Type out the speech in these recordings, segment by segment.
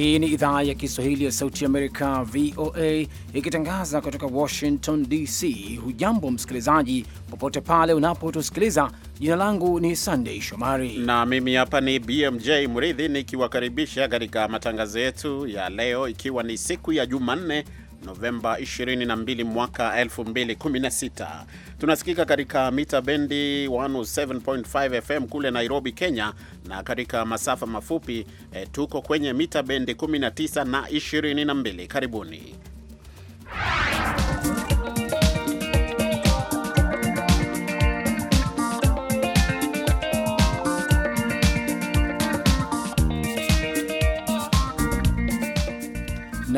Hii ni idhaa ya Kiswahili ya Sauti Amerika, VOA, ikitangaza kutoka Washington DC. Hujambo msikilizaji, popote pale unapotusikiliza. Jina langu ni Sandei Shomari na mimi hapa ni BMJ Mridhi nikiwakaribisha katika matangazo yetu ya leo, ikiwa ni siku ya Jumanne Novemba 22 mwaka 2016. Tunasikika katika mita bendi 107.5 FM kule Nairobi, Kenya, na katika masafa mafupi eh, tuko kwenye mita bendi 19 na 22. Karibuni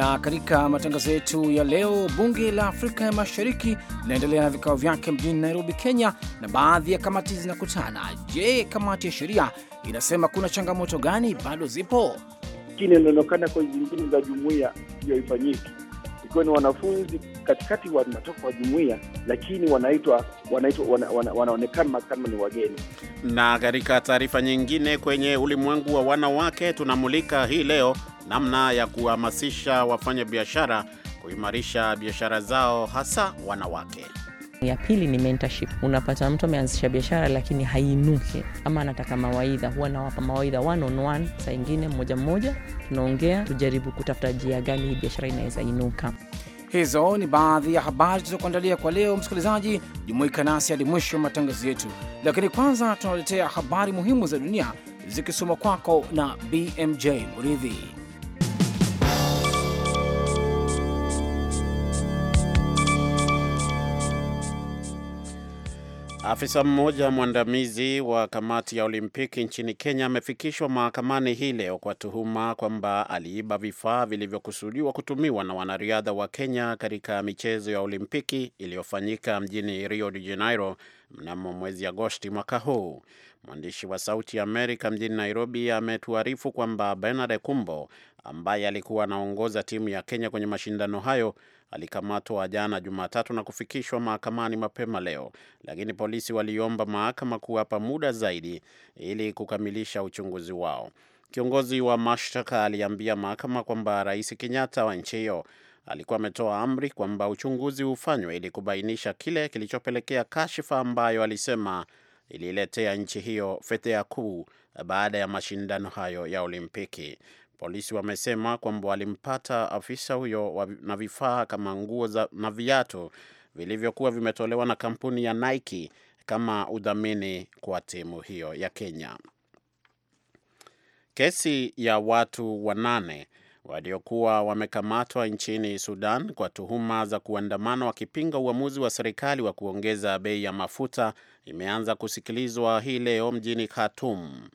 Na katika matangazo yetu ya leo, bunge la Afrika ya Mashariki linaendelea na vikao vyake mjini Nairobi, Kenya, na baadhi ya kamati zinakutana. Je, kamati ya sheria inasema kuna changamoto gani bado zipo? Lakini inaonekana kwa zingine za jumuiya hiyo ifanyiki ikiwa ni wanafunzi katikati wanatoka wa jumuia lakini wanaitwa wanaitwa wana, wana, wanaonekana kama ni wageni. Na katika taarifa nyingine, kwenye ulimwengu wa wanawake, tunamulika hii leo namna ya kuhamasisha wafanya biashara kuimarisha biashara zao, hasa wanawake. Ya pili ni mentorship. Unapata mtu ameanzisha biashara lakini hainuki ama anataka mawaidha, huwa nawapa mawaidha one on one, saa ingine mmoja mmoja, tunaongea tujaribu kutafuta njia gani hii biashara inaweza inuka. Hizo ni baadhi ya habari tulizokuandalia kwa leo. Msikilizaji, jumuika nasi hadi mwisho wa matangazo yetu, lakini kwanza tunaletea habari muhimu za dunia zikisoma kwako na BMJ mridhi Afisa mmoja mwandamizi wa kamati ya Olimpiki nchini Kenya amefikishwa mahakamani hii leo kwa tuhuma kwamba aliiba vifaa vilivyokusudiwa kutumiwa na wanariadha wa Kenya katika michezo ya Olimpiki iliyofanyika mjini Rio de Janeiro mnamo mwezi Agosti mwaka huu. Mwandishi wa Sauti ya Amerika mjini Nairobi ametuarifu kwamba Bernard Kumbo ambaye alikuwa anaongoza timu ya Kenya kwenye mashindano hayo alikamatwa jana Jumatatu na kufikishwa mahakamani mapema leo, lakini polisi waliomba mahakama kuwapa muda zaidi ili kukamilisha uchunguzi wao. Kiongozi wa mashtaka aliambia mahakama kwamba Rais Kenyatta wa nchi hiyo alikuwa ametoa amri kwamba uchunguzi ufanywe ili kubainisha kile kilichopelekea kashifa ambayo alisema ililetea nchi hiyo fedheha kuu baada ya mashindano hayo ya Olimpiki. Polisi wamesema kwamba walimpata afisa huyo na vifaa kama nguo na viatu vilivyokuwa vimetolewa na kampuni ya Nike kama udhamini kwa timu hiyo ya Kenya. Kesi ya watu wanane waliokuwa wamekamatwa nchini Sudan kwa tuhuma za kuandamana wakipinga uamuzi wa serikali wa kuongeza bei ya mafuta imeanza kusikilizwa hii leo mjini Khartoum.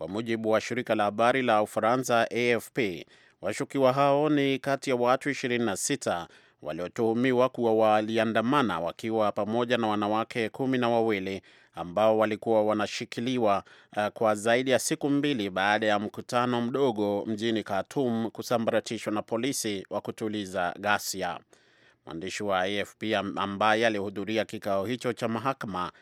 Kwa mujibu wa shirika la habari la Ufaransa AFP, washukiwa hao ni kati ya watu 26 waliotuhumiwa kuwa waliandamana wakiwa pamoja na wanawake kumi na wawili ambao walikuwa wanashikiliwa eh, kwa zaidi ya siku mbili baada ya mkutano mdogo mjini Khartoum kusambaratishwa na polisi wa kutuliza ghasia. Mwandishi wa AFP ambaye alihudhuria kikao hicho cha mahakama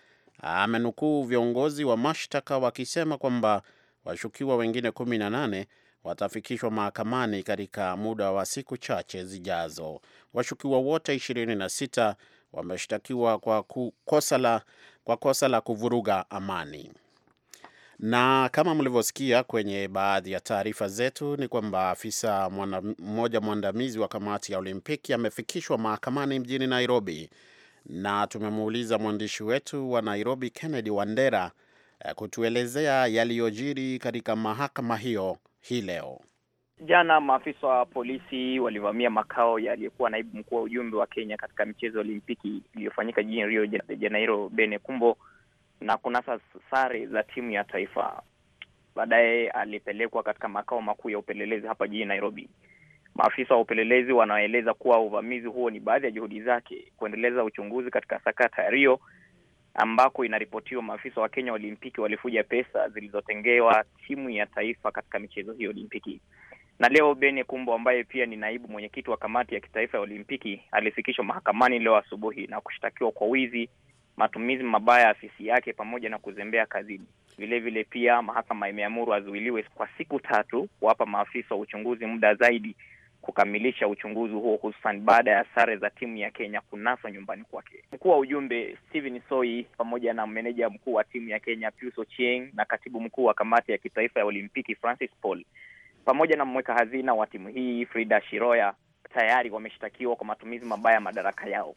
amenukuu viongozi wa mashtaka wakisema kwamba washukiwa wengine 18 watafikishwa mahakamani katika muda wa siku chache zijazo. Washukiwa wote 26 wameshtakiwa kwa kosa la kwa kosa la kuvuruga amani. Na kama mlivyosikia kwenye baadhi ya taarifa zetu ni kwamba afisa mmoja mwandamizi wa kamati ya Olimpiki amefikishwa mahakamani mjini Nairobi, na tumemuuliza mwandishi wetu wa Nairobi Kennedy Wandera Eh, kutuelezea yaliyojiri katika mahakama hiyo hii leo. Jana maafisa wa polisi walivamia makao ya aliyekuwa naibu mkuu wa ujumbe wa Kenya katika michezo ya Olimpiki iliyofanyika jijini Rio de Janeiro, Bene Kumbo, na kunasa sare za timu ya taifa. Baadaye alipelekwa katika makao makuu ya upelelezi hapa jijini Nairobi. Maafisa wa upelelezi wanaeleza kuwa uvamizi huo ni baadhi ya juhudi zake kuendeleza uchunguzi katika sakata ya Rio ambako inaripotiwa maafisa wa Kenya Olimpiki walifuja pesa zilizotengewa timu ya taifa katika michezo hiyo Olimpiki. Na leo Ben Kumbo ambaye pia ni naibu mwenyekiti wa kamati ya kitaifa ya Olimpiki alifikishwa mahakamani leo asubuhi na kushtakiwa kwa wizi, matumizi mabaya ya afisi yake pamoja na kuzembea kazini. Vile vile pia mahakama imeamuru azuiliwe kwa siku tatu kuwapa maafisa wa uchunguzi muda zaidi kukamilisha uchunguzi huo hususan baada ya sare za timu ya Kenya kunaswa nyumbani kwake. Mkuu wa ujumbe Steven Soi pamoja na meneja mkuu wa timu ya Kenya Pius Ochieng na katibu mkuu wa kamati ya kitaifa ya Olimpiki Francis Paul pamoja na mweka hazina wa timu hii Frida Shiroya tayari wameshtakiwa kwa matumizi mabaya ya madaraka yao.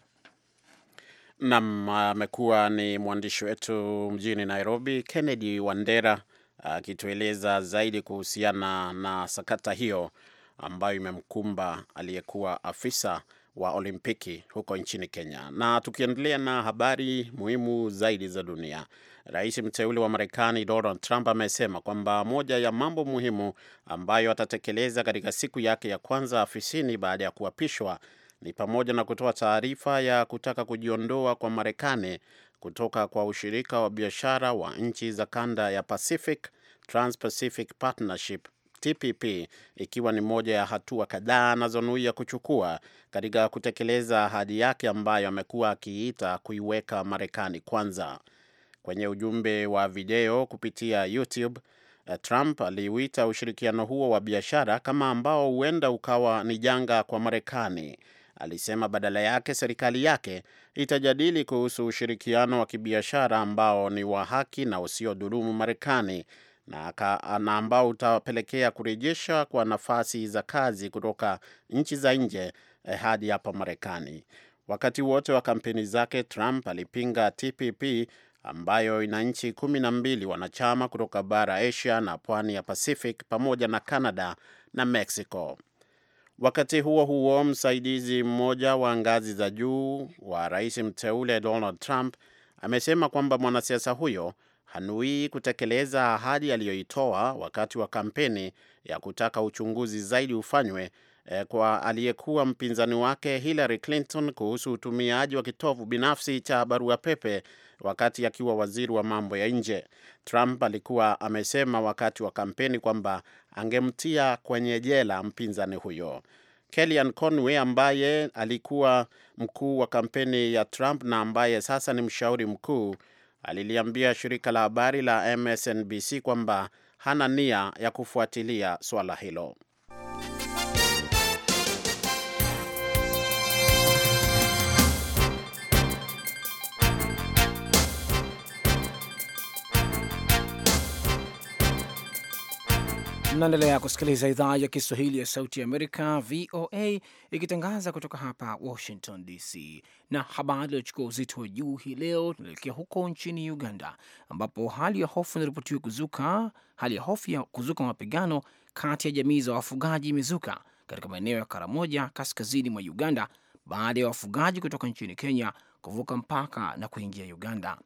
Nam amekuwa ni mwandishi wetu mjini Nairobi, Kennedy Wandera akitueleza zaidi kuhusiana na sakata hiyo ambayo imemkumba aliyekuwa afisa wa Olimpiki huko nchini Kenya. Na tukiendelea na habari muhimu zaidi za dunia, rais mteule wa Marekani Donald Trump amesema kwamba moja ya mambo muhimu ambayo atatekeleza katika siku yake ya kwanza afisini baada ya kuapishwa ni pamoja na kutoa taarifa ya kutaka kujiondoa kwa Marekani kutoka kwa ushirika wa biashara wa nchi za kanda ya Pacific, Trans-Pacific Partnership TPP ikiwa ni moja ya hatua kadhaa anazonuia kuchukua katika kutekeleza ahadi yake ambayo amekuwa akiita kuiweka Marekani kwanza. Kwenye ujumbe wa video kupitia YouTube, eh, Trump aliuita ushirikiano huo wa biashara kama ambao huenda ukawa ni janga kwa Marekani. Alisema badala yake serikali yake itajadili kuhusu ushirikiano wa kibiashara ambao ni wa haki na usiodhulumu Marekani na, ambao utapelekea kurejeshwa kwa nafasi za kazi kutoka nchi za nje eh, hadi hapa Marekani. Wakati wote wa kampeni zake, Trump alipinga TPP ambayo ina nchi kumi na mbili wanachama kutoka bara Asia na pwani ya Pacific pamoja na Canada na Mexico. Wakati huo huo, msaidizi mmoja wa ngazi za juu wa rais mteule Donald Trump amesema kwamba mwanasiasa huyo hanui kutekeleza ahadi aliyoitoa wakati wa kampeni ya kutaka uchunguzi zaidi ufanywe eh, kwa aliyekuwa mpinzani wake Hillary Clinton kuhusu utumiaji wa kitovu binafsi cha barua pepe wakati akiwa waziri wa mambo ya nje. Trump alikuwa amesema wakati wa kampeni kwamba angemtia kwenye jela mpinzani huyo. Kellyanne Conway ambaye alikuwa mkuu wa kampeni ya Trump na ambaye sasa ni mshauri mkuu aliliambia shirika la habari la MSNBC kwamba hana nia ya kufuatilia swala hilo. Mnaendelea kusikiliza idhaa ya Kiswahili ya Sauti ya Amerika, VOA, ikitangaza kutoka hapa Washington DC. Na habari iliyochukua uzito wa juu hii leo, tunaelekea huko nchini Uganda ambapo hali ya hofu inaripotiwa kuzuka. Hali ya hofu ya kuzuka mapigano kati ya jamii za wafugaji imezuka katika maeneo ya Karamoja, kaskazini mwa Uganda, baada ya wafugaji kutoka nchini Kenya kuvuka mpaka na kuingia Uganda.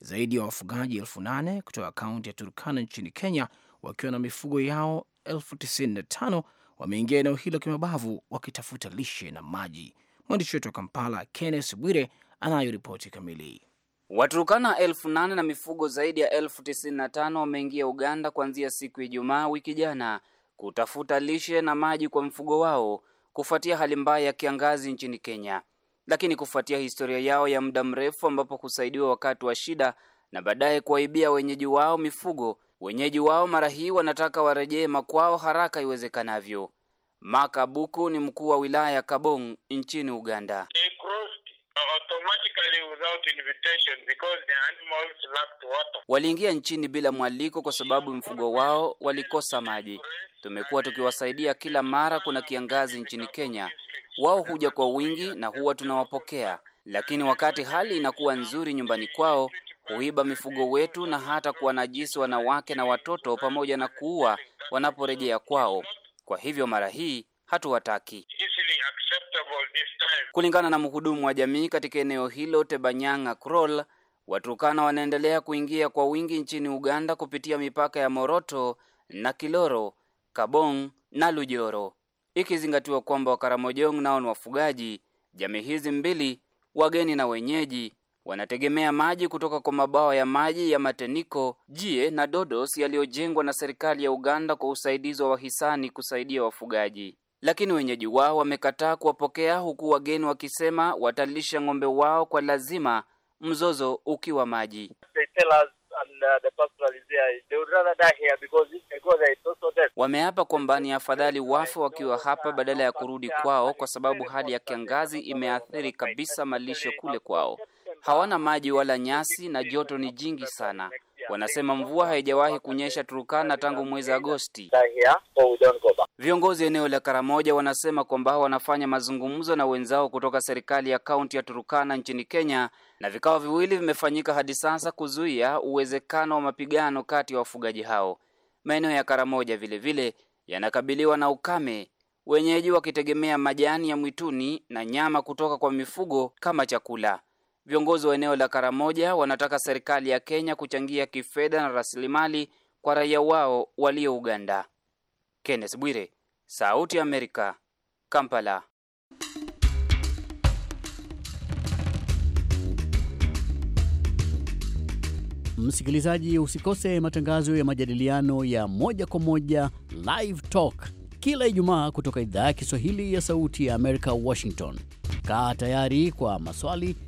Zaidi ya wafugaji elfu nane kutoka kaunti ya Turkana nchini Kenya wakiwa na mifugo yao elfu tisini na tano wameingia eneo hilo kimabavu wakitafuta lishe na maji. Mwandishi wetu wa Kampala, Kenneth Bwire, anayo ripoti kamili. Waturukana elfu nane na mifugo zaidi ya elfu tisini na tano wameingia Uganda kuanzia siku ya Ijumaa wiki jana kutafuta lishe na maji kwa mfugo wao kufuatia hali mbaya ya kiangazi nchini Kenya, lakini kufuatia historia yao ya muda mrefu ambapo kusaidiwa wakati wa shida na baadaye kuwaibia wenyeji wao mifugo Wenyeji wao mara hii wanataka warejee makwao haraka iwezekanavyo. makabuku ni mkuu wa wilaya ya Kabong nchini Uganda. Waliingia nchini bila mwaliko kwa sababu mfugo wao walikosa maji. Tumekuwa tukiwasaidia kila mara kuna kiangazi nchini Kenya. Wao huja kwa wingi na huwa tunawapokea. Lakini wakati hali inakuwa nzuri nyumbani kwao, kuiba mifugo wetu na hata kuwanajisi wanawake na watoto pamoja na kuua wanaporejea kwao. Kwa hivyo mara hii hatuwataki. Kulingana na mhudumu wa jamii katika eneo hilo Tebanyanga Krol, Waturkana wanaendelea kuingia kwa wingi nchini Uganda kupitia mipaka ya Moroto na Kiloro, Kabong na Lujoro, ikizingatiwa kwamba Wakaramojong nao ni wafugaji. Jamii hizi mbili, wageni na wenyeji, wanategemea maji kutoka kwa mabwawa ya maji ya Mateniko, Jie na Dodos yaliyojengwa na serikali ya Uganda kwa usaidizi wa wahisani kusaidia wafugaji, lakini wenyeji wao wamekataa kuwapokea, huku wageni wakisema watalisha ng'ombe wao kwa lazima, mzozo ukiwa maji. Uh, Wameapa kwamba ni afadhali wafe wakiwa hapa badala ya kurudi kwao, kwa sababu hali ya kiangazi imeathiri kabisa malisho kule kwao hawana maji wala nyasi na joto ni jingi sana. Wanasema mvua haijawahi kunyesha Turkana tangu mwezi Agosti. Viongozi eneo la Karamoja wanasema kwamba wanafanya mazungumzo na wenzao kutoka serikali ya kaunti ya Turkana nchini Kenya, na vikao viwili vimefanyika hadi sasa kuzuia uwezekano wa mapigano kati ya wafugaji hao. Maeneo ya Karamoja vilevile yanakabiliwa na ukame, wenyeji wakitegemea majani ya mwituni na nyama kutoka kwa mifugo kama chakula. Viongozi wa eneo la Karamoja wanataka serikali ya Kenya kuchangia kifedha na rasilimali kwa raia wao walio Uganda. Kenneth Bwire, Sauti ya Amerika, Kampala. Msikilizaji, usikose matangazo ya majadiliano ya moja kwa moja Live Talk kila Ijumaa kutoka idhaa ya Kiswahili ya Sauti ya Amerika, Washington. Kaa tayari kwa maswali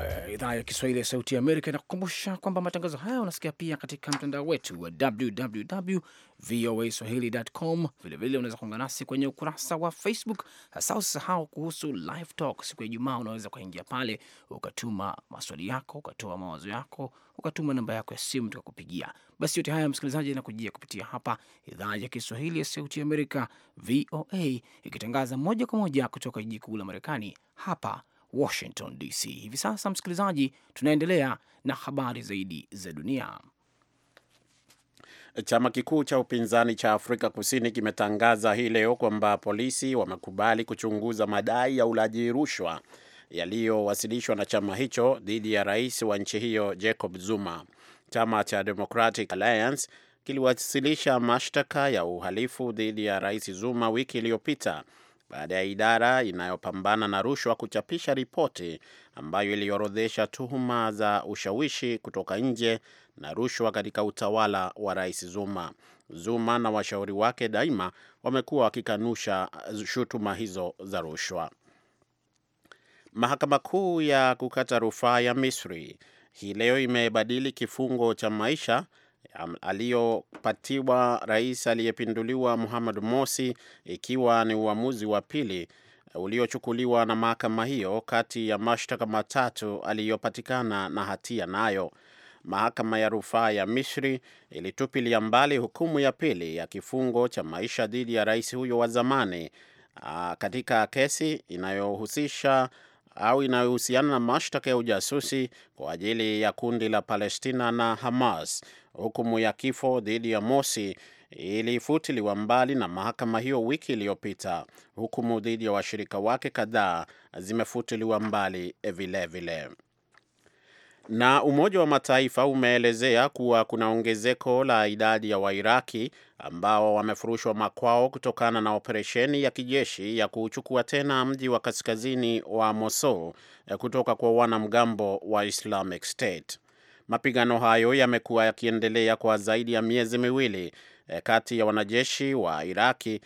Eh, idhaa ya Kiswahili ya Sauti ya Amerika inakukumbusha kwamba matangazo haya unasikia pia katika mtandao wetu wa www voa swahili.com. Vilevile unaweza kuungana nasi kwenye ukurasa wa Facebook, hasa usisahau kuhusu live talk siku ya Ijumaa. Unaweza ukaingia pale ukatuma maswali yako, ukatoa mawazo yako, ukatuma namba yako ya simu tukakupigia. Basi yote haya msikilizaji, anakujia kupitia hapa idhaa ya Kiswahili ya Sauti ya Amerika, VOA, ikitangaza moja kwa moja kutoka jiji kuu la Marekani hapa Washington DC. Hivi sasa, msikilizaji, tunaendelea na habari zaidi za dunia. Chama kikuu cha upinzani cha Afrika Kusini kimetangaza hii leo kwamba polisi wamekubali kuchunguza madai ya ulaji rushwa yaliyowasilishwa na chama hicho dhidi ya rais wa nchi hiyo Jacob Zuma. Chama cha Democratic Alliance kiliwasilisha mashtaka ya uhalifu dhidi ya rais Zuma wiki iliyopita baada ya idara inayopambana na rushwa kuchapisha ripoti ambayo iliorodhesha tuhuma za ushawishi kutoka nje na rushwa katika utawala wa Rais Zuma. Zuma na washauri wake daima wamekuwa wakikanusha shutuma hizo za rushwa. Mahakama Kuu ya kukata rufaa ya Misri hii leo imebadili kifungo cha maisha aliyopatiwa rais aliyepinduliwa Muhammad Morsi, ikiwa ni uamuzi wa pili eh, uliochukuliwa na mahakama hiyo kati ya mashtaka matatu aliyopatikana na hatia nayo. Mahakama ya rufaa ya Misri ilitupilia mbali hukumu ya pili ya kifungo cha maisha dhidi ya rais huyo wa zamani ah, katika kesi inayohusisha au inayohusiana na mashtaka ya ujasusi kwa ajili ya kundi la Palestina na Hamas. Hukumu ya kifo dhidi ya Mosi ilifutiliwa mbali na mahakama hiyo wiki iliyopita. Hukumu dhidi ya washirika wake kadhaa zimefutiliwa mbali vilevile vile. Na Umoja wa Mataifa umeelezea kuwa kuna ongezeko la idadi ya Wairaki ambao wamefurushwa makwao kutokana na operesheni ya kijeshi ya kuchukua tena mji wa kaskazini wa Mosul eh, kutoka kwa wanamgambo wa Islamic State. Mapigano hayo yamekuwa yakiendelea kwa zaidi ya miezi miwili E, kati ya wanajeshi wa Iraki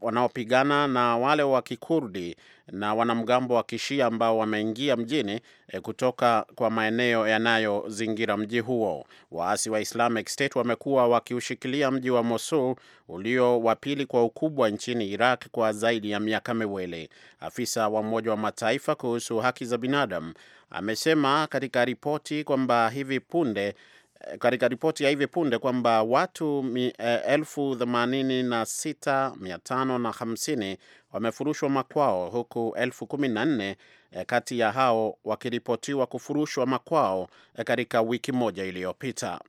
wanaopigana na wale wa Kikurdi na wanamgambo wa Kishia ambao wameingia mjini e, kutoka kwa maeneo yanayozingira mji huo. Waasi wa Islamic State wamekuwa wakiushikilia mji wa Mosul ulio wa pili kwa ukubwa nchini Iraq kwa zaidi ya miaka miwili. Afisa wa Umoja wa Mataifa kuhusu haki za binadamu amesema katika ripoti kwamba hivi punde katika ripoti ya hivi punde kwamba watu e, elfu themanini na sita mia tano na hamsini wamefurushwa makwao huku elfu kumi na nne e, kati ya hao wakiripotiwa kufurushwa makwao e, katika wiki moja iliyopita.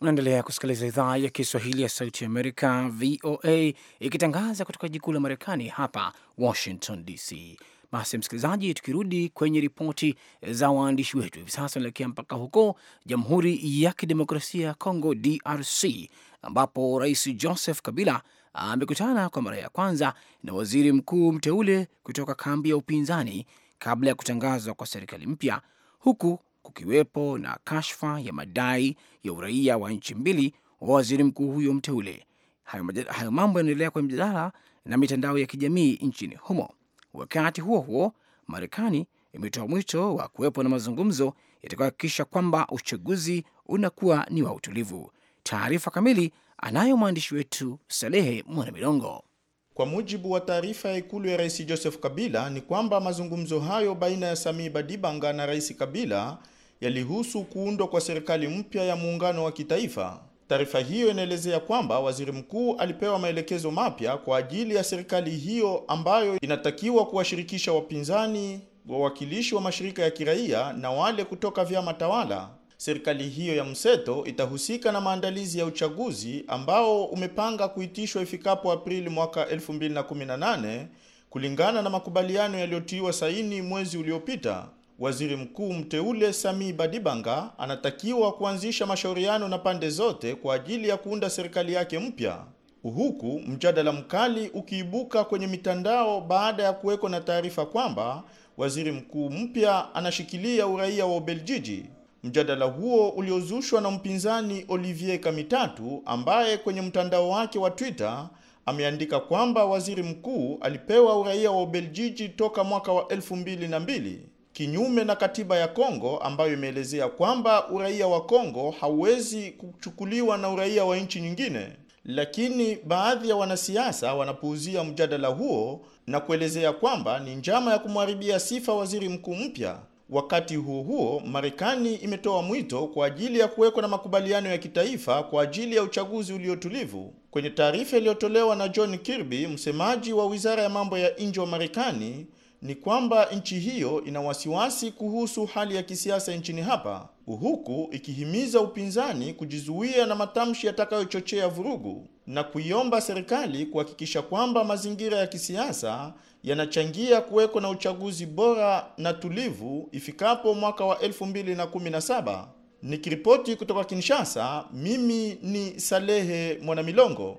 Unaendelea kusikiliza idhaa ya Kiswahili ya Sauti ya Amerika, VOA, ikitangaza kutoka jikuu la Marekani hapa Washington DC. Basi msikilizaji, tukirudi kwenye ripoti za waandishi wetu, hivi sasa unaelekea mpaka huko Jamhuri ya Kidemokrasia ya Kongo, DRC, ambapo Rais Joseph Kabila amekutana kwa mara ya kwanza na waziri mkuu mteule kutoka kambi ya upinzani kabla ya kutangazwa kwa serikali mpya, huku kukiwepo na kashfa ya madai ya uraia wa nchi mbili wa waziri mkuu huyo mteule. Hayo mambo yanaendelea kwenye mjadala na mitandao ya kijamii nchini humo. Wakati huo huo, Marekani imetoa mwito wa kuwepo na mazungumzo yatakayohakikisha kwamba uchaguzi unakuwa ni wa utulivu. Taarifa kamili anayo mwandishi wetu Salehe Mwanamilongo. Kwa mujibu wa taarifa ya ikulu ya rais Joseph Kabila ni kwamba mazungumzo hayo baina ya Samii Badibanga na rais Kabila yalihusu kuundwa kwa serikali mpya ya muungano wa kitaifa. Taarifa hiyo inaelezea kwamba waziri mkuu alipewa maelekezo mapya kwa ajili ya serikali hiyo ambayo inatakiwa kuwashirikisha wapinzani, wawakilishi wa mashirika ya kiraia na wale kutoka vyama tawala. Serikali hiyo ya mseto itahusika na maandalizi ya uchaguzi ambao umepanga kuitishwa ifikapo Aprili mwaka 2018 kulingana na makubaliano yaliyotiiwa saini mwezi uliopita. Waziri Mkuu mteule Sami Badibanga anatakiwa kuanzisha mashauriano na pande zote kwa ajili ya kuunda serikali yake mpya, huku mjadala mkali ukiibuka kwenye mitandao baada ya kuweko na taarifa kwamba waziri mkuu mpya anashikilia uraia wa Ubeljiji. Mjadala huo uliozushwa na mpinzani Olivier Kamitatu ambaye kwenye mtandao wake wa Twitter ameandika kwamba waziri mkuu alipewa uraia wa Ubeljiji toka mwaka wa elfu mbili na mbili kinyume na katiba ya Kongo ambayo imeelezea kwamba uraia wa Kongo hauwezi kuchukuliwa na uraia wa nchi nyingine. Lakini baadhi ya wanasiasa wanapuuzia mjadala huo na kuelezea kwamba ni njama ya kumharibia sifa waziri mkuu mpya. Wakati huo huo, Marekani imetoa mwito kwa ajili ya kuwekwa na makubaliano ya kitaifa kwa ajili ya uchaguzi uliotulivu. Kwenye taarifa iliyotolewa na John Kirby, msemaji wa wizara ya mambo ya nje wa Marekani, ni kwamba nchi hiyo ina wasiwasi kuhusu hali ya kisiasa nchini hapa, huku ikihimiza upinzani kujizuia na matamshi yatakayochochea vurugu na kuiomba serikali kuhakikisha kwamba mazingira ya kisiasa yanachangia kuweko na uchaguzi bora na tulivu ifikapo mwaka wa 2017. Nikiripoti kutoka Kinshasa, mimi ni Salehe Mwanamilongo.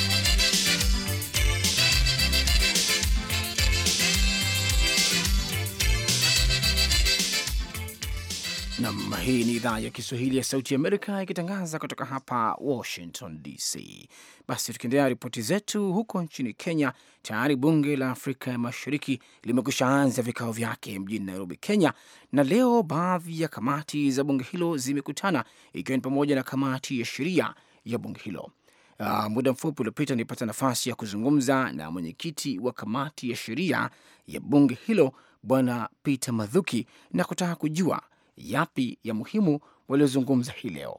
Nam, hii ni idhaa ya Kiswahili ya Sauti Amerika ikitangaza kutoka hapa Washington DC. Basi tukiendelea ripoti zetu, huko nchini Kenya tayari bunge la Afrika ya Mashariki limekwisha anza vikao vyake mjini Nairobi, Kenya, na leo baadhi ya kamati za bunge hilo zimekutana ikiwa ni pamoja na kamati ya sheria ya bunge hilo. Uh, muda mfupi uliopita nilipata nafasi ya kuzungumza na mwenyekiti wa kamati ya sheria ya bunge hilo Bwana Peter madhuki na kutaka kujua yapi ya muhimu waliozungumza hii leo?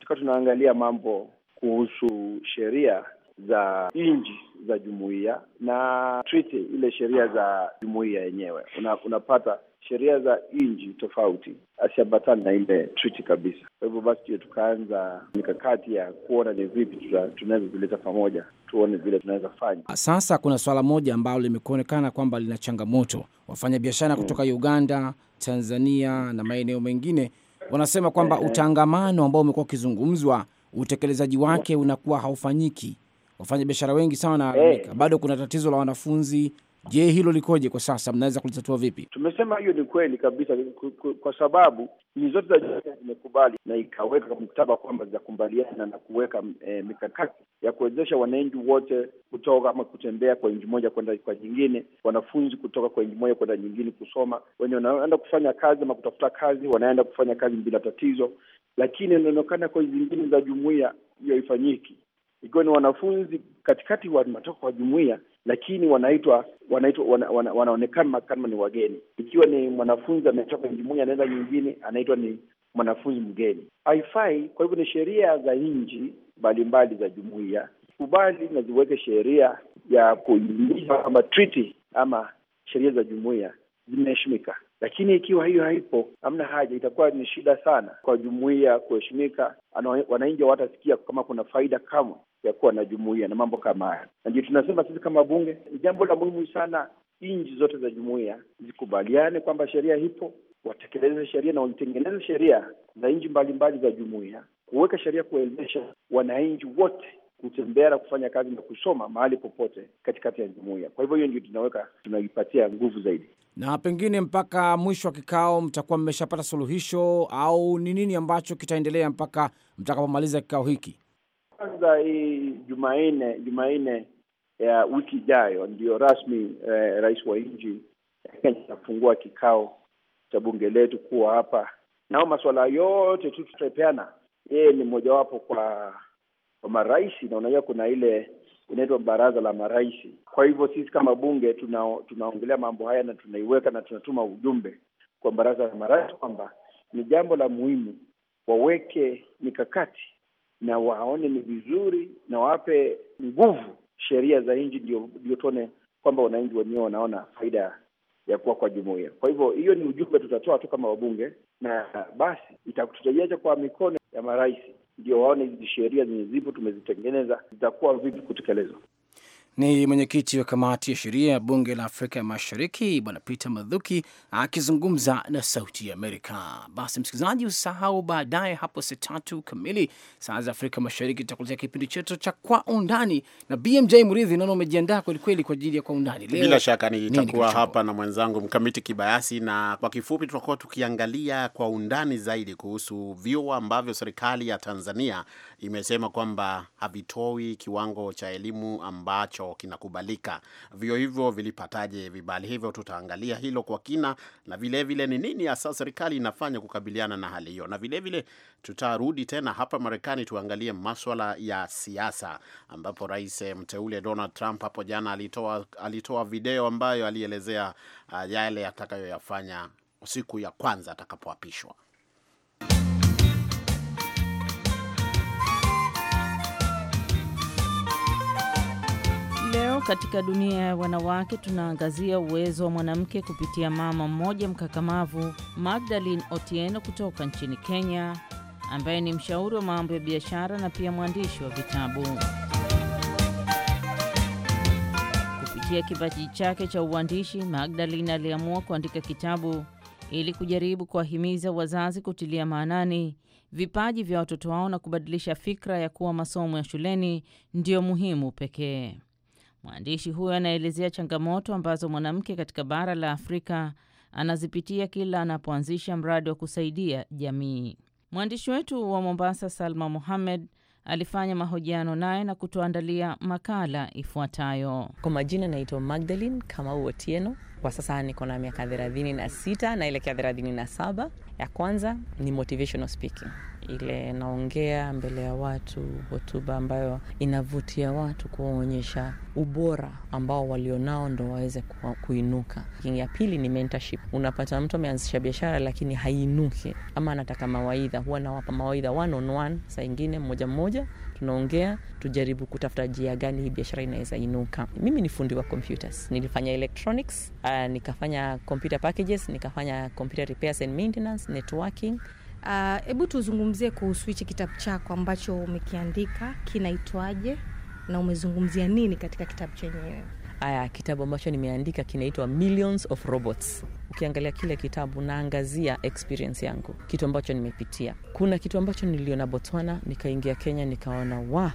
Tukiwa tunaangalia mambo kuhusu sheria za nchi za jumuiya na treaty, ile sheria za jumuiya yenyewe, una, unapata sheria za nchi tofauti asiambatani na ile treaty kabisa. Kwa hivyo basi, tukaanza mikakati ya kuona ni vipi tunaweza zileta pamoja, tuone vile tunaweza fanya. Sasa kuna swala moja ambalo limekuonekana kwamba lina changamoto, wafanyabiashara hmm, kutoka Uganda Tanzania na maeneo mengine, wanasema kwamba utangamano ambao umekuwa ukizungumzwa utekelezaji wake unakuwa haufanyiki. Wafanyabiashara wengi sana wanalalamika, eh. bado kuna tatizo la wanafunzi Je, hilo likoje kwa sasa, mnaweza kulitatua vipi? Tumesema hiyo ni kweli kabisa, kwa sababu nchi zote za dunia zimekubali na ikaweka mkataba kwamba zitakumbaliana na kuweka e, mikakati ya kuwezesha wananchi wote kutoka ama kutembea kwa nchi moja kwenda kwa nyingine, wanafunzi kutoka kwa nchi moja kwenda nyingine kusoma, wenye wanaenda kufanya kazi ama kutafuta kazi, wanaenda kufanya kazi bila tatizo, lakini inaonekana kwa zingine za jumuiya hiyo haifanyiki ikiwa ni wanafunzi katikati wanatoka kwa jumuia lakini wanaitwa wanaitwa wana, wana, wanaonekana kama ni wageni. Ikiwa ni mwanafunzi ametoka jumuia anaenda nyingine, anaitwa ni mwanafunzi mgeni, haifai. Kwa hivyo ni sheria za nchi mbalimbali za jumuia kubali na ziweke sheria ya kuingiza ama treaty ama sheria za jumuia zimeheshimika, lakini ikiwa hiyo haipo, hamna haja, itakuwa ni shida sana kwa jumuia kuheshimika. wananji watasikia kama kuna faida kamwe ya kuwa na jumuiya na mambo kama haya, na ndio tunasema sisi kama bunge ni jambo la muhimu sana nchi zote za jumuiya zikubaliane kwamba sheria ipo, watekeleze sheria na waitengeneze sheria za nchi mbalimbali za jumuiya, kuweka sheria kuwezesha wananchi wote kutembea na kufanya kazi na kusoma mahali popote katikati ya jumuiya. Kwa hivyo hiyo ndio tunaweka tunaipatia nguvu zaidi. Na pengine mpaka mwisho wa kikao mtakuwa mmeshapata suluhisho, au ni nini ambacho kitaendelea mpaka mtakapomaliza kikao hiki? kwanza hii Jumanne Jumanne ya wiki ijayo ndio rasmi eh, rais wa nchi Kenya atafungua kikao cha bunge letu kuwa hapa nao masuala yote tu tutapeana. Yeye ni mmojawapo kwa kwa marais, na unajua kuna ile inaitwa baraza la marais. Kwa hivyo sisi kama bunge tuna, tunaongelea mambo haya na tunaiweka na tunatuma ujumbe kwa baraza la marais kwamba ni jambo la muhimu waweke mikakati na waone ni vizuri na wape nguvu sheria za nji ndio tuone kwamba wananchi wenyewe wanaona faida ya kuwa kwa jumuia Kwa hivyo hiyo ni ujumbe tutatoa tu kama wabunge, na basi itakututajacha kwa mikono ya marais, ndio waone hizi sheria zenye zipo tumezitengeneza zitakuwa vipi kutekelezwa. Ni mwenyekiti wa kamati ya sheria ya bunge la Afrika Mashariki, Bwana Peter madhuki akizungumza na Sauti ya Amerika. Basi msikilizaji, usahau baadaye hapo saa tatu kamili saa za Afrika Mashariki tutakuletea kipindi chetu cha Kwa Undani na BMJ Mridhi. Naona umejiandaa kwelikweli kwa ajili ya Kwa Undani leo. Bila shaka nitakuwa hapa na mwenzangu Mkamiti Kibayasi, na kwa kifupi tutakuwa tukiangalia kwa undani zaidi kuhusu vyuo ambavyo serikali ya Tanzania imesema kwamba havitoi kiwango cha elimu ambacho kinakubalika. Vio hivyo vilipataje vibali hivyo? Tutaangalia hilo kwa kina, na vilevile ni nini hasa serikali inafanya kukabiliana na hali hiyo, na vilevile tutarudi tena hapa Marekani tuangalie maswala ya siasa, ambapo rais eh, mteule Donald Trump hapo jana alitoa, alitoa video ambayo alielezea ah, yale atakayoyafanya siku ya kwanza atakapoapishwa. leo katika dunia ya wanawake tunaangazia uwezo wa mwanamke kupitia mama mmoja mkakamavu, Magdalene Otieno kutoka nchini Kenya, ambaye ni mshauri wa mambo ya biashara na pia mwandishi wa vitabu. Kupitia kipaji chake cha uandishi, Magdalene aliamua kuandika kitabu ili kujaribu kuwahimiza wazazi kutilia maanani vipaji vya watoto wao na kubadilisha fikra ya kuwa masomo ya shuleni ndiyo muhimu pekee. Mwandishi huyo anaelezea changamoto ambazo mwanamke katika bara la Afrika anazipitia kila anapoanzisha mradi wa kusaidia jamii. Mwandishi wetu wa Mombasa, Salma Mohamed, alifanya mahojiano naye na kutoandalia makala ifuatayo. Kwa majina, naitwa Magdalene Kamau Otieno. Kwa sasa niko na miaka thelathini na sita naelekea thelathini na saba. Ya kwanza ni motivational speaking ile naongea mbele ya watu, hotuba ambayo inavutia watu kuwaonyesha ubora ambao walionao ndo waweze kuinuka. Ya pili ni mentorship. Unapata mtu ameanzisha biashara lakini hainuki, ama anataka mawaidha, huwa nawapa mawaidha one on one, saa ingine mmoja mmoja, tunaongea tujaribu kutafuta jia gani hii biashara inaweza inuka. Mimi ni fundi wa computers, nilifanya electronics, uh, nikafanya computer packages, nikafanya computer repairs and maintenance, networking Hebu uh, tuzungumzie kuhusu hichi kitabu chako ambacho umekiandika, kinaitwaje na umezungumzia nini katika kitabu chenyewe? Aya, kitabu ambacho nimeandika kinaitwa Millions of Robots. Ukiangalia kile kitabu, naangazia experience yangu, kitu ambacho nimepitia. Kuna kitu ambacho niliona Botswana, nikaingia Kenya, nikaona wa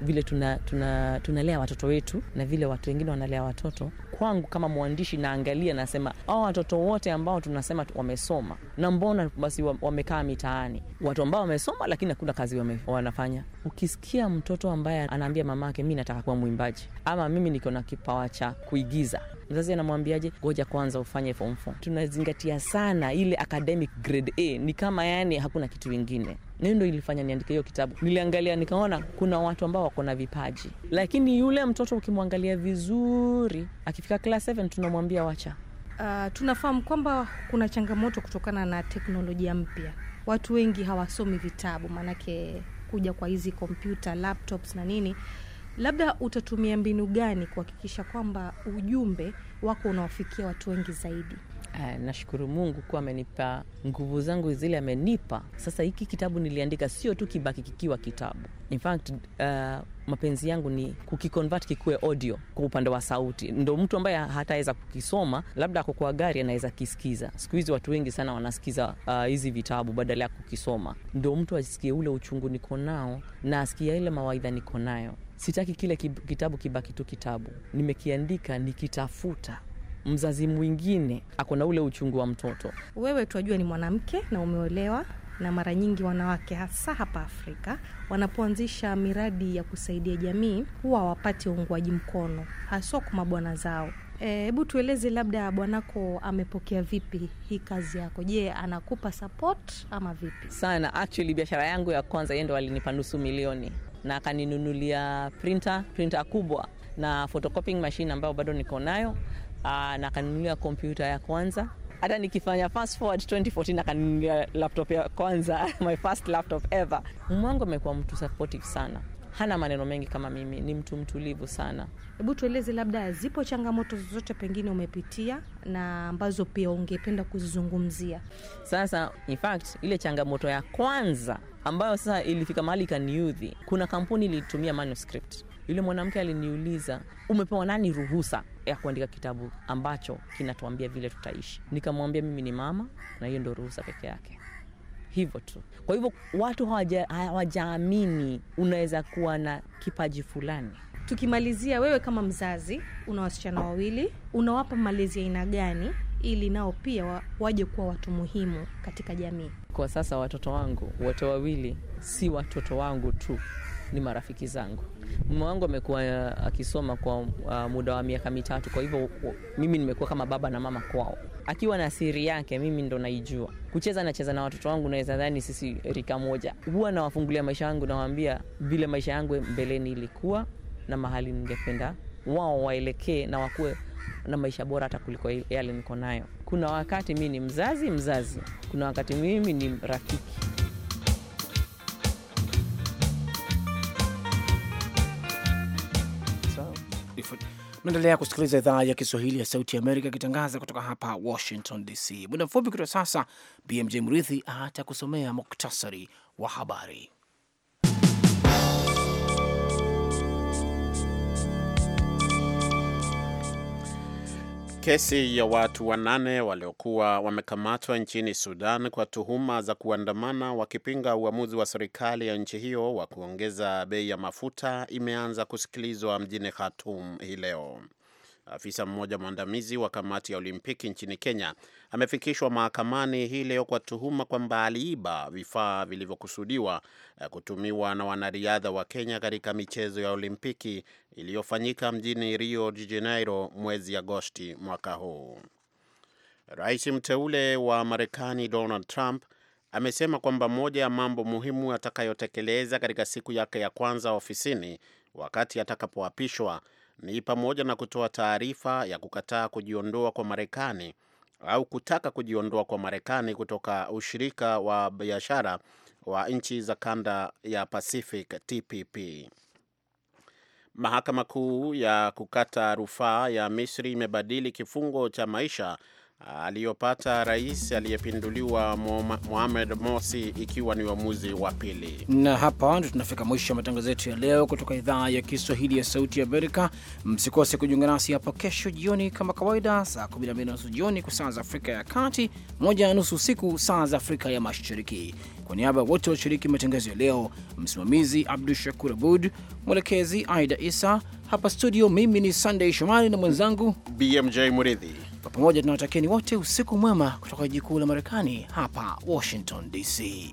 vile tunalea tuna, tuna watoto wetu na vile watu wengine wanalea watoto. Kwangu kama mwandishi, naangalia nasema, hao watoto wote ambao tunasema wamesoma na mbona basi wamekaa mitaani? Watu ambao wamesoma lakini hakuna kazi wame, wanafanya. Ukisikia mtoto ambaye anaambia mamake, mi nataka kuwa mwimbaji ama mimi niko na kipawa cha kuigiza, mzazi anamwambiaje? Ngoja kwanza ufanye form four. Tunazingatia sana ile academic grade A, ni kama yani hakuna kitu ingine nini ndo ilifanya niandike hiyo kitabu. Niliangalia nikaona kuna watu ambao wako na vipaji, lakini yule mtoto ukimwangalia vizuri, akifika class 7 tunamwambia wacha Uh, tunafahamu kwamba kuna changamoto kutokana na teknolojia mpya. Watu wengi hawasomi vitabu, maanake kuja kwa hizi kompyuta, laptops na nini. Labda utatumia mbinu gani kuhakikisha kwamba ujumbe wako unawafikia watu wengi zaidi? Eh, nashukuru Mungu kuwa amenipa nguvu zangu zile amenipa. Sasa hiki kitabu niliandika sio tu kibaki kikiwa kitabu. In fact, uh, mapenzi yangu ni kukikonvert kikuwe audio kwa upande wa sauti, ndo mtu ambaye hataweza kukisoma, labda ako kwa gari anaweza kisikiza. Siku hizi watu wengi sana wanasikiza eh, hizi uh, vitabu badala ya kukisoma, ndo mtu asikie ule uchungu niko nao na asikia ile mawaidha niko nayo. Sitaki kile kitabu kibaki tu kitabu, nimekiandika nikitafuta mzazi mwingine ako na ule uchungu wa mtoto. Wewe tunajua ni mwanamke na umeolewa na mara nyingi wanawake hasa hapa Afrika wanapoanzisha miradi ya kusaidia jamii huwa wapate uungwaji mkono haswa kwa mabwana zao. E, hebu tueleze labda bwanako amepokea vipi hii kazi yako? Je, anakupa support ama vipi? Sana. Actually, biashara yangu ya kwanza yeye ndo alinipa nusu milioni na akaninunulia printer, printer kubwa na photocopying machine ambayo bado niko nayo Aa, ah, na akanunulia kompyuta ya kwanza hata nikifanya fast forward 2014 akanunulia laptop ya kwanza my first laptop ever. Mwangu amekuwa mtu supportive sana, hana maneno mengi kama mimi, ni mtu mtulivu sana. Hebu tueleze, labda zipo changamoto zozote pengine umepitia na ambazo pia ungependa kuzizungumzia? Sasa in fact, ile changamoto ya kwanza ambayo sasa ilifika mahali ikaniudhi, kuna kampuni ilitumia manuscript. Yule mwanamke aliniuliza, umepewa nani ruhusa ya kuandika kitabu ambacho kinatuambia vile tutaishi. Nikamwambia mimi ni mama na hiyo ndo ruhusa peke yake, hivyo tu. Kwa hivyo watu hawajaamini unaweza kuwa na kipaji fulani. Tukimalizia, wewe kama mzazi una wasichana wawili, unawapa malezi aina gani ili nao pia wa, waje kuwa watu muhimu katika jamii? Kwa sasa watoto wangu wote wawili si watoto wangu tu, ni marafiki zangu. Mume wangu amekuwa eh, akisoma kwa uh, muda wa miaka mitatu, kwa hivyo mimi nimekuwa kama baba na mama kwao. Akiwa na siri yake, mimi ndo naijua. Kucheza nacheza na watoto wangu, naweza dhani sisi rika moja. Huwa nawafungulia maisha yangu, nawaambia vile maisha yangu mbeleni ilikuwa na mahali ningependa wao waelekee na wakuwe na maisha bora hata kuliko yale niko nayo. Kuna wakati mimi ni mzazi mzazi, kuna wakati mimi ni rafiki. Naendelea kusikiliza idhaa ya Kiswahili ya Sauti ya Amerika ikitangaza kutoka hapa Washington DC. Muda mfupi kutoka sasa, BMJ Murithi atakusomea muktasari wa habari. Kesi ya watu wanane waliokuwa wamekamatwa nchini Sudan kwa tuhuma za kuandamana wakipinga uamuzi wa serikali ya nchi hiyo wa kuongeza bei ya mafuta imeanza kusikilizwa mjini Khartoum hii leo. Afisa mmoja mwandamizi wa kamati ya Olimpiki nchini Kenya amefikishwa mahakamani hii leo kwa tuhuma kwamba aliiba vifaa vilivyokusudiwa eh, kutumiwa na wanariadha wa Kenya katika michezo ya Olimpiki iliyofanyika mjini Rio de Janeiro mwezi Agosti mwaka huu. Rais mteule wa Marekani Donald Trump amesema kwamba moja ya mambo muhimu atakayotekeleza katika siku yake ya kwanza ofisini wakati atakapoapishwa ni pamoja na kutoa taarifa ya kukataa kujiondoa kwa Marekani au kutaka kujiondoa kwa Marekani kutoka ushirika wa biashara wa nchi za kanda ya Pacific TPP. Mahakama Kuu ya kukata rufaa ya Misri imebadili kifungo cha maisha aliyopata rais aliyepinduliwa Mohamed Morsi, ikiwa ni uamuzi wa pili. Na hapa ndio tunafika mwisho wa matangazo yetu ya leo kutoka idhaa ya Kiswahili ya Sauti Amerika. Msikose kujiunga nasi hapo kesho jioni kama kawaida, saa 12 na nusu jioni kwa saa za Afrika ya Kati, moja na nusu usiku saa za Afrika ya Mashariki. Kwa niaba ya wote walioshiriki matangazo ya leo, msimamizi Abdu Shakur Abud, mwelekezi Aida Isa hapa studio, mimi ni sandey Shomari na mwenzangu BMJ Muridhi kwa pamoja tunawatakieni wote usiku mwema kutoka jiji kuu la Marekani hapa Washington DC.